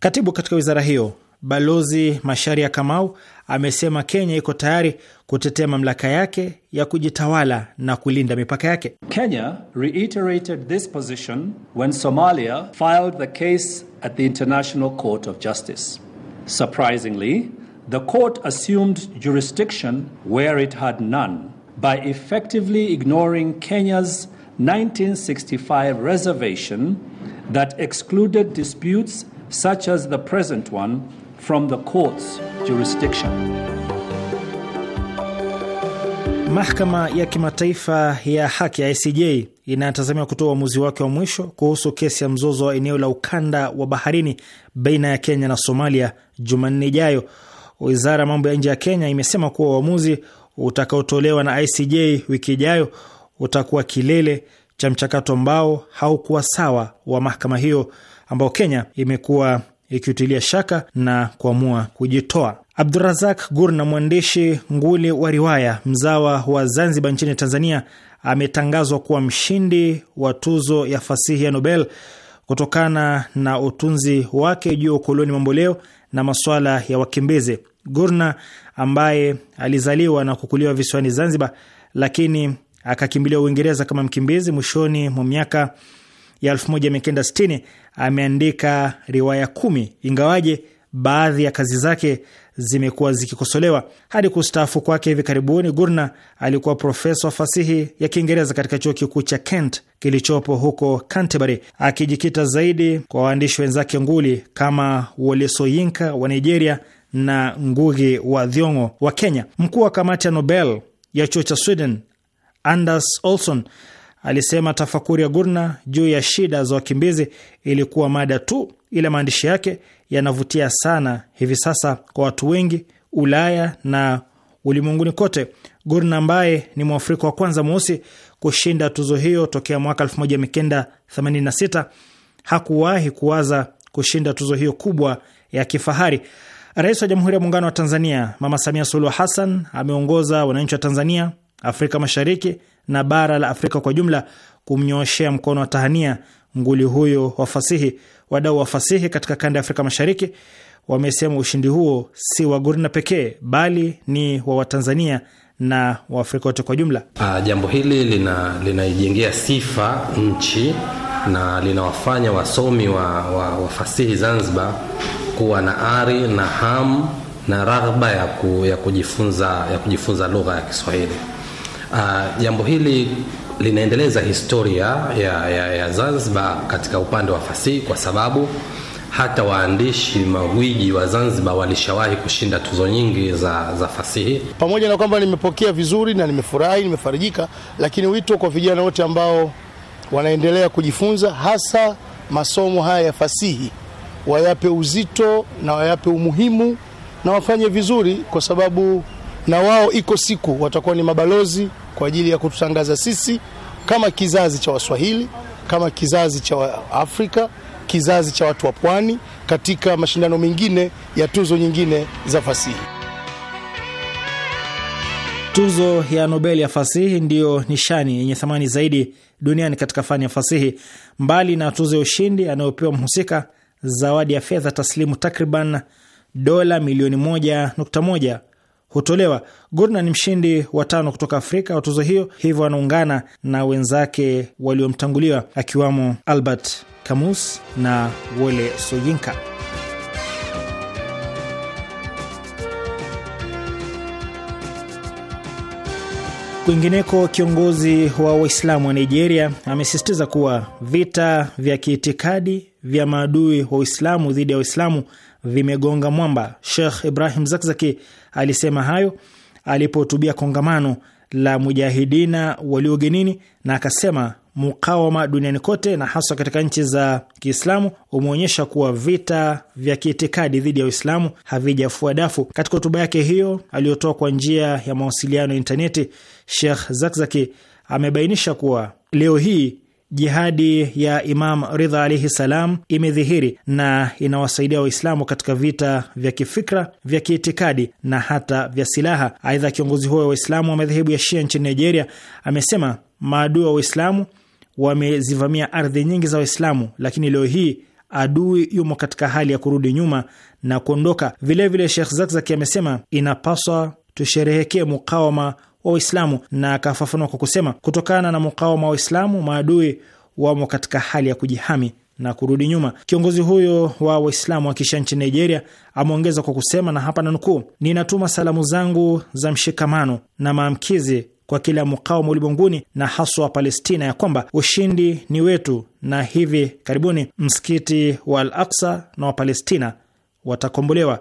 Katibu katika wizara hiyo Balozi Masharia Kamau amesema Kenya iko tayari kutetea mamlaka yake ya kujitawala na kulinda mipaka yake. Kenya reiterated this position when Somalia filed the case at the International Court of Justice. Surprisingly, the court assumed jurisdiction where it had none by effectively ignoring Kenya's 1965 reservation that excluded disputes such as the present one, from the court's jurisdiction. Mahakama ya Kimataifa ya Haki ya ICJ inatazamiwa kutoa uamuzi wake wa mwisho kuhusu kesi ya mzozo wa eneo la ukanda wa baharini baina ya Kenya na Somalia Jumanne ijayo. Wizara ya mambo ya nje ya Kenya imesema kuwa uamuzi utakaotolewa na ICJ wiki ijayo utakuwa kilele cha mchakato ambao haukuwa sawa wa mahakama hiyo ambao Kenya imekuwa ikiutilia shaka na kuamua kujitoa. Abdurazak Gurna, mwandishi nguli wa riwaya mzawa wa Zanzibar nchini Tanzania, ametangazwa kuwa mshindi wa tuzo ya fasihi ya Nobel kutokana na utunzi wake juu ya ukoloni mamboleo na masuala ya wakimbizi. Gurna ambaye alizaliwa na kukuliwa visiwani Zanzibar, lakini akakimbilia Uingereza kama mkimbizi mwishoni mwa miaka ya 1960 ameandika riwaya kumi, ingawaje baadhi ya kazi zake zimekuwa zikikosolewa. Hadi kustaafu kwake hivi karibuni, Gurna alikuwa profesa wa fasihi ya Kiingereza katika chuo kikuu cha Kent kilichopo huko Canterbury, akijikita zaidi kwa waandishi wenzake nguli kama Wole Soyinka wa Nigeria na Ngugi wa Thiong'o wa Kenya. Mkuu wa kamati ya Nobel ya chuo cha Sweden Anders Olson alisema tafakuri ya Gurna juu ya shida za wakimbizi ilikuwa mada tu, ila maandishi yake yanavutia sana hivi sasa kwa watu wengi Ulaya na ulimwenguni kote. Gurna ambaye ni Mwafrika wa kwanza mweusi kushinda tuzo hiyo tokea mwaka 1986 hakuwahi kuwaza kushinda tuzo hiyo kubwa ya kifahari. Rais wa Jamhuri ya Muungano wa Tanzania Mama Samia Suluhu Hassan ameongoza wananchi wa Tanzania, Afrika Mashariki na bara la Afrika kwa jumla kumnyooshea mkono wa tahania nguli huyo wa fasihi. Wadau wa fasihi katika kanda ya Afrika Mashariki wamesema ushindi huo si wa Gurna pekee bali ni wa Watanzania na Waafrika wote kwa jumla. Uh, jambo hili linaijengea lina sifa nchi na linawafanya wasomi wa, wa, wa fasihi Zanzibar kuwa na ari na hamu na raghba ya, ku, ya kujifunza, ya kujifunza lugha ya Kiswahili. Uh, jambo hili linaendeleza historia ya, ya, ya Zanzibar katika upande wa fasihi kwa sababu hata waandishi magwiji wa Zanzibar walishawahi kushinda tuzo nyingi za, za fasihi. Pamoja na kwamba nimepokea vizuri na nimefurahi, nimefarijika, lakini wito kwa vijana wote ambao wanaendelea kujifunza hasa masomo haya ya fasihi wayape uzito na wayape umuhimu na wafanye vizuri, kwa sababu na wao iko siku watakuwa ni mabalozi kwa ajili ya kututangaza sisi kama kizazi cha Waswahili, kama kizazi cha Waafrika, kizazi cha watu wa pwani katika mashindano mengine ya tuzo nyingine za fasihi. Tuzo ya Nobel ya fasihi ndiyo nishani yenye thamani zaidi duniani katika fani ya fasihi. Mbali na tuzo ya ushindi anayopewa mhusika, zawadi ya fedha taslimu takriban dola milioni moja nukta moja hutolewa. Gurna ni mshindi wa tano kutoka Afrika wa tuzo hiyo, hivyo anaungana na wenzake waliomtanguliwa akiwamo Albert Camus na Wole Soyinka. Kwingineko, kiongozi wa Waislamu wa Nigeria amesisitiza kuwa vita vya kiitikadi vya maadui wa Uislamu dhidi ya Waislamu vimegonga mwamba. Sheikh Ibrahim Zakzaki alisema hayo alipohutubia kongamano la mujahidina waliogenini, na akasema mukawama duniani kote na haswa katika nchi za Kiislamu umeonyesha kuwa vita vya kiitikadi dhidi ya Uislamu havijafua dafu. Katika hotuba yake hiyo aliyotoa kwa njia ya mawasiliano ya intaneti, Sheikh Zakzaki amebainisha kuwa leo hii Jihadi ya Imam Ridha alaihi salam imedhihiri na inawasaidia Waislamu katika vita vya kifikra, vya kiitikadi na hata vya silaha. Aidha, kiongozi huyo wa Waislamu wa madhehebu ya Shia nchini Nigeria amesema maadui wa Waislamu wamezivamia ardhi nyingi za Waislamu, lakini leo hii adui yumo katika hali ya kurudi nyuma na kuondoka. Vilevile, Shekh Zakzaki amesema inapaswa tusherehekee mukawama wa Waislamu, na akafafanua kwa kusema, kutokana na mukawama wa Waislamu, maadui wamo katika hali ya kujihami na kurudi nyuma. Kiongozi huyo wa Waislamu akisha nchini Nigeria ameongeza kwa kusema, na hapa nanukuu, ninatuma salamu zangu za mshikamano na maamkizi kwa kila mukawama ulimwenguni na haswa wa Palestina, ya kwamba ushindi ni wetu, na hivi karibuni msikiti wa Al Aksa na Wapalestina watakombolewa.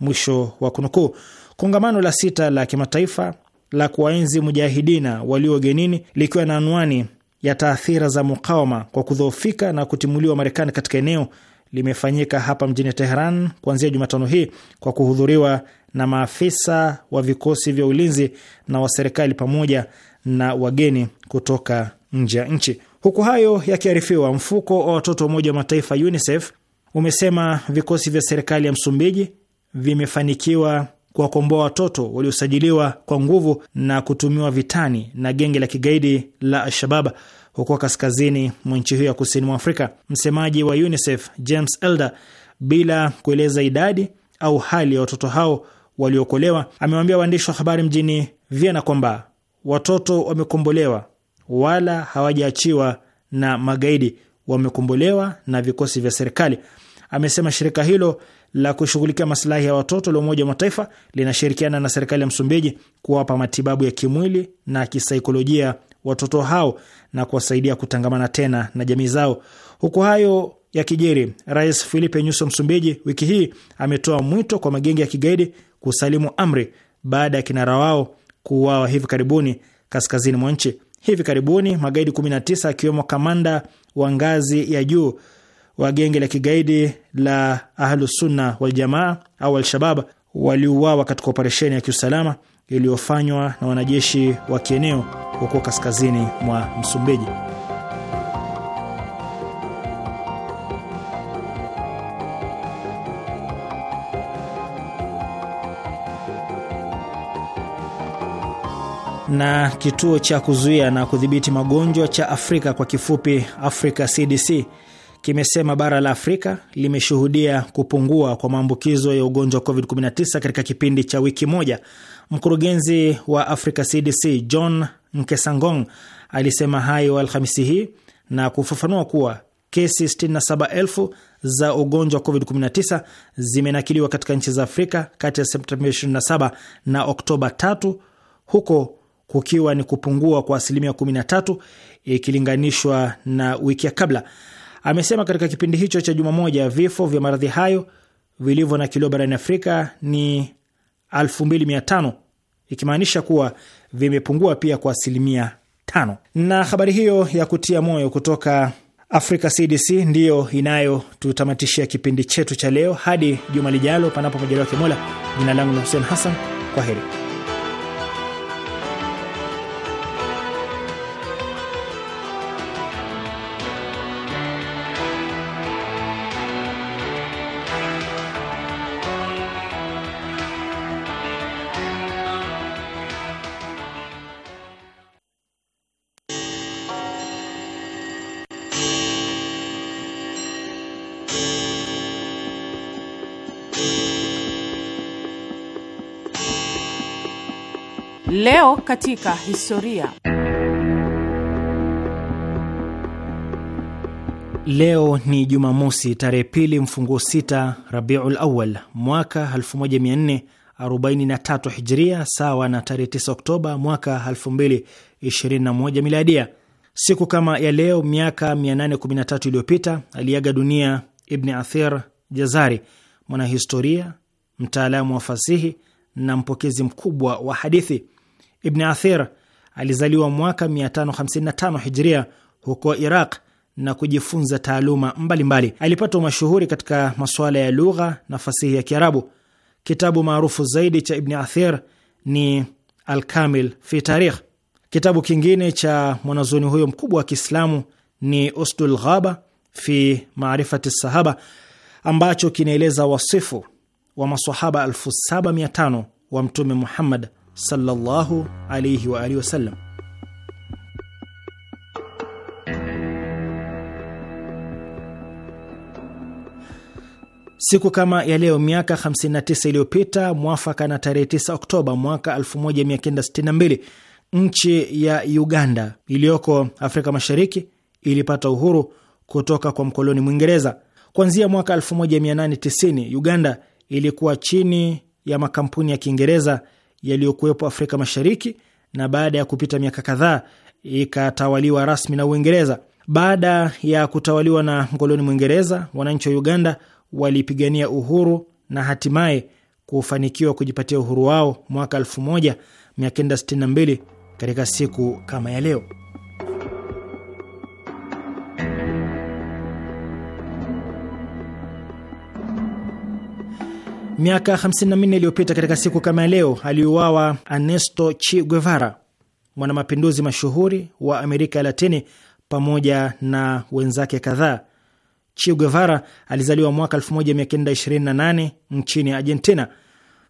Mwisho wa kunukuu. Kongamano la sita la kimataifa la kuwaenzi mujahidina walio ugenini likiwa na anwani ya taathira za mukawama kwa kudhoofika na kutimuliwa Marekani katika eneo limefanyika hapa mjini Teheran kuanzia Jumatano hii kwa kuhudhuriwa na maafisa wa vikosi vya ulinzi na wa serikali pamoja na wageni kutoka nje ya nchi. Huku hayo yakiarifiwa, mfuko wa watoto wa Umoja wa Mataifa UNICEF umesema vikosi vya serikali ya Msumbiji vimefanikiwa kuwakomboa watoto waliosajiliwa kwa nguvu na kutumiwa vitani na genge la kigaidi la Al-Shabab huko kaskazini mwa nchi hiyo ya kusini mwa Afrika. Msemaji wa UNICEF James Elder, bila kueleza idadi au hali ya watoto hao waliokolewa, amewaambia waandishi wa habari mjini Vienna kwamba watoto wamekombolewa, wala hawajaachiwa na magaidi, wamekombolewa na vikosi vya serikali. Amesema shirika hilo la kushughulikia masilahi ya watoto la Umoja wa Mataifa linashirikiana na serikali ya Msumbiji kuwapa matibabu ya kimwili na kisaikolojia watoto hao na kuwasaidia kutangamana tena na jamii zao. Huku hayo ya kijeri, Rais Filipe Nyuso Msumbiji wiki hii ametoa mwito kwa magenge ya kigaidi kusalimu amri baada ya kinara wao kuuawa hivi karibuni kaskazini mwa nchi. Hivi karibuni magaidi 19 akiwemo kamanda wa ngazi ya juu wa genge la kigaidi la Ahlusunna Waljamaa au al waliuawa katika operesheni ya kiusalama iliyofanywa na wanajeshi wa kieneo huko kaskazini mwa Msumbiji. na kituo cha kuzuia na kudhibiti magonjwa cha Afrika kwa kifupi Africa CDC kimesema bara la Afrika limeshuhudia kupungua kwa maambukizo ya ugonjwa wa COVID-19 katika kipindi cha wiki moja. Mkurugenzi wa Africa CDC John Nkesangong alisema hayo Alhamisi hii na kufafanua kuwa kesi 67,000 za ugonjwa wa COVID-19 zimenakiliwa katika nchi za Afrika kati ya Septemba 27 na Oktoba 3 huko kukiwa ni kupungua kwa asilimia 13 ikilinganishwa na wiki ya kabla. Amesema katika kipindi hicho cha juma moja vifo vya maradhi hayo vilivyo na kilio barani Afrika ni 2500 ikimaanisha kuwa vimepungua pia kwa asilimia tano. Na habari hiyo ya kutia moyo kutoka Africa CDC ndiyo inayotutamatishia kipindi chetu cha leo. Hadi juma lijalo, panapo majaliwa Kimola. Jina langu ni Hussein Hassan, kwa heri. Leo katika historia. Leo ni Jumamosi tarehe pili mfunguo sita Rabiul Awal mwaka 1443 Hijria, sawa na tarehe 9 Oktoba mwaka 2021 Miladia. Siku kama ya leo miaka 813 iliyopita aliaga dunia Ibni Athir Jazari, mwanahistoria, mtaalamu wa fasihi na mpokezi mkubwa wa hadithi. Ibn Athir alizaliwa mwaka 555 hijria huko Iraq na kujifunza taaluma mbalimbali. Alipata mashuhuri katika masuala ya lugha na fasihi ya Kiarabu. Kitabu maarufu zaidi cha Ibn Athir ni Alkamil fi Tarikh. Kitabu kingine cha mwanazuoni huyo mkubwa wa Kiislamu ni Usdul Ghaba fi Maarifati Sahaba, ambacho kinaeleza wasifu wa masahaba 7500 wa Mtume Muhammad sallallahu alayhi wa alihi wasallam. Siku kama ya leo miaka 59 iliyopita mwafaka na tarehe 9 Oktoba mwaka 1962 nchi ya Uganda iliyoko Afrika Mashariki ilipata uhuru kutoka kwa mkoloni Mwingereza. Kuanzia mwaka 1890 Uganda ilikuwa chini ya makampuni ya Kiingereza yaliyokuwepo Afrika Mashariki, na baada ya kupita miaka kadhaa ikatawaliwa rasmi na Uingereza. Baada ya kutawaliwa na mkoloni Mwingereza, wananchi wa Uganda walipigania uhuru na hatimaye kufanikiwa kujipatia uhuru wao mwaka 1962 katika siku kama ya leo. Miaka 54 iliyopita katika siku kama ya leo aliuawa Ernesto Che Guevara, mwanamapinduzi mashuhuri wa Amerika ya Latini pamoja na wenzake kadhaa. Che Guevara alizaliwa mwaka 1928 nchini Argentina.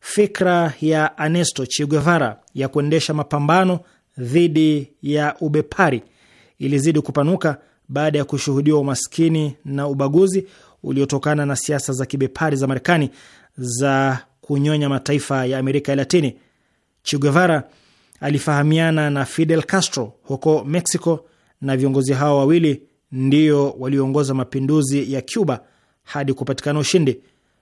Fikra ya Ernesto Che Guevara ya kuendesha mapambano dhidi ya ubepari ilizidi kupanuka baada ya kushuhudiwa umaskini na ubaguzi uliotokana na siasa za kibepari za Marekani za kunyonya mataifa ya Amerika ya Latini. Che Guevara alifahamiana na Fidel Castro huko Mexico, na viongozi hao wawili ndio walioongoza mapinduzi ya Cuba hadi kupatikana ushindi.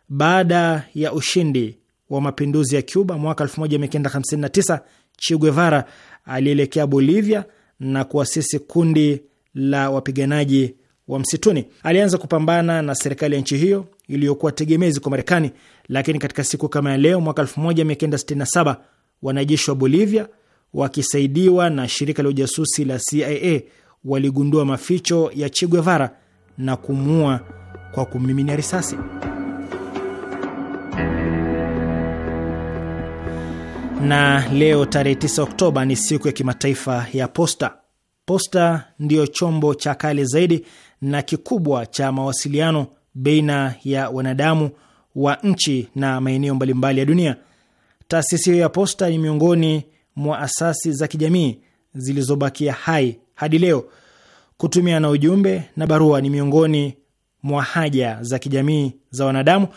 Baada ya ushindi wa mapinduzi ya Cuba mwaka 1959, Che Guevara alielekea Bolivia na kuasisi kundi la wapiganaji wa msituni. Alianza kupambana na serikali ya nchi hiyo iliyokuwa tegemezi kwa Marekani, lakini katika siku kama ya leo mwaka 1967 wanajeshi wa Bolivia wakisaidiwa na shirika la ujasusi la CIA waligundua maficho ya Che Guevara na kumuua kwa kumiminia risasi. Na leo tarehe 9 Oktoba ni siku ya kimataifa ya posta. Posta ndiyo chombo cha kale zaidi na kikubwa cha mawasiliano baina ya wanadamu wa nchi na maeneo mbalimbali ya dunia. Taasisi hiyo ya posta ni miongoni mwa asasi za kijamii zilizobakia hai hadi leo. Kutumia na ujumbe na barua ni miongoni mwa haja za kijamii za wanadamu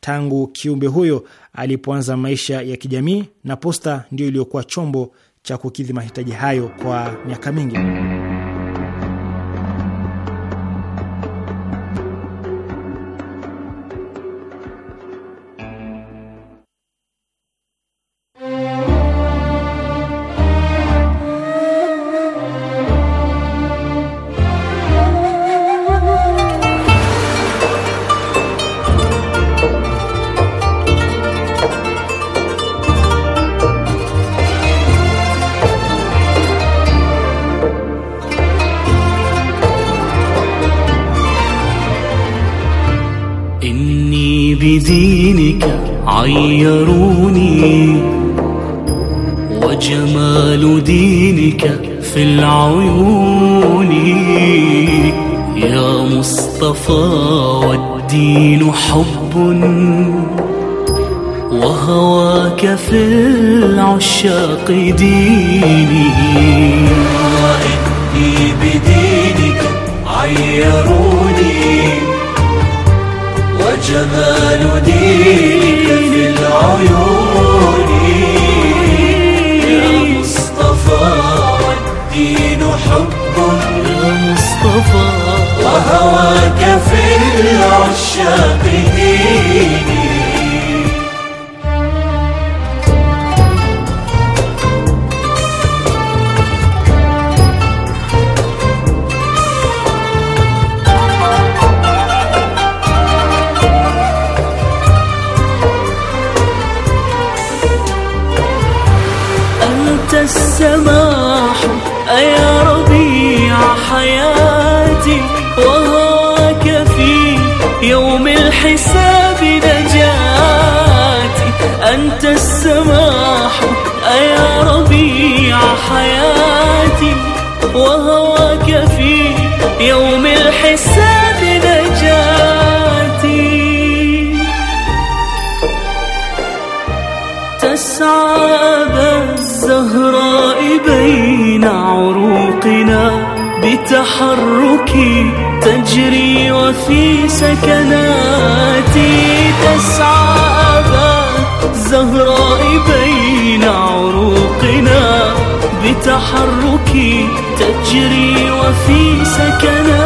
tangu kiumbe huyo alipoanza maisha ya kijamii, na posta ndio iliyokuwa chombo cha kukidhi mahitaji hayo kwa miaka mingi. حق دينه وإني بدينك عيروني وجمال دينك في العيون يا مصطفى والدين حب يا مصطفى وهواك في العشاق تجري وفي سكناتي تسعى أبا الزهراء بين عروقنا بتحركي تجري وفي سكناتي